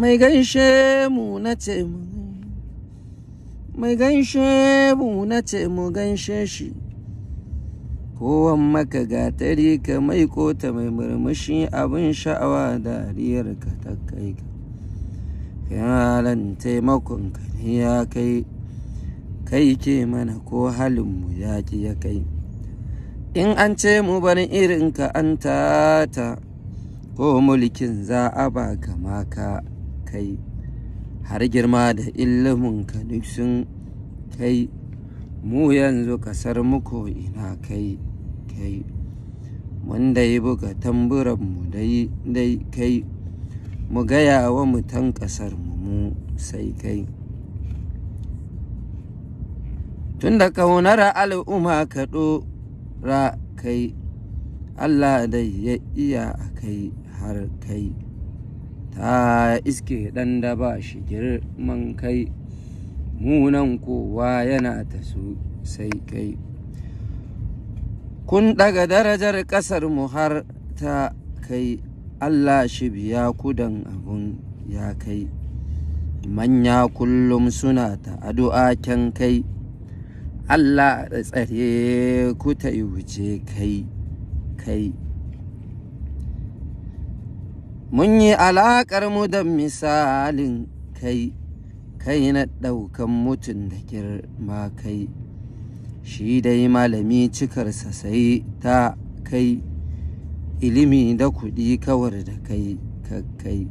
mai gaishe mu na ce mu mai gaishe mu na ce mu gaishe shi kowan maka gatari ka mai kota mai murmushi abin sha'awa da riyar ka ta kai ka yaran taimakon ka ne ya kai kai ke mana ko halin mu ya ki ya kai in an ce mu bar ka an tata ko mulkin za a ba ka maka kai har girma da ka duk sun kai mu yanzu kasar muku ina kai kai wanda ya buga tamburanmu dai dai kai mu gaya wa mutan ƙasarmu mu sai kai tun da ƙaunar al'umma ka ra kai allah dai ya iya a kai har kai ta iske ɗan da ba shi girman kai mu nan kowa yana ta sai kai kun ɗaga darajar ƙasar mu har ta kai allah shi biya kudan abun ya kai manya kullum suna ta addu'a kyan kai allah tsare ku ta yi wuce kai kai mun yi alaƙar mu da misalin kai kai na ɗaukan mutum da girma kai shi dai malami cikarsa sai ta kai ilimi da kuɗi kawar da kai kakai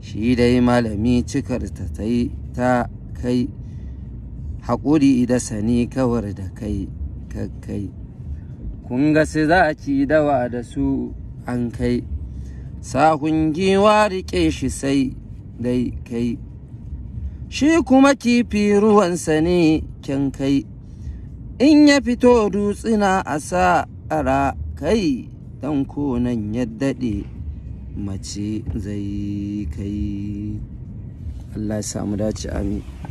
shi dai malami cikarta ta kai haƙuri da sani kawar da kai kakkai kun ga su za a dawa da su an kai sahun giwa riƙe shi sai dai kai shi kuma kifi ruwansa ne kyan kai in ya fito dutsina a sa ara kai dan konan ya daɗe mace zai kai Allah ya samu dace amin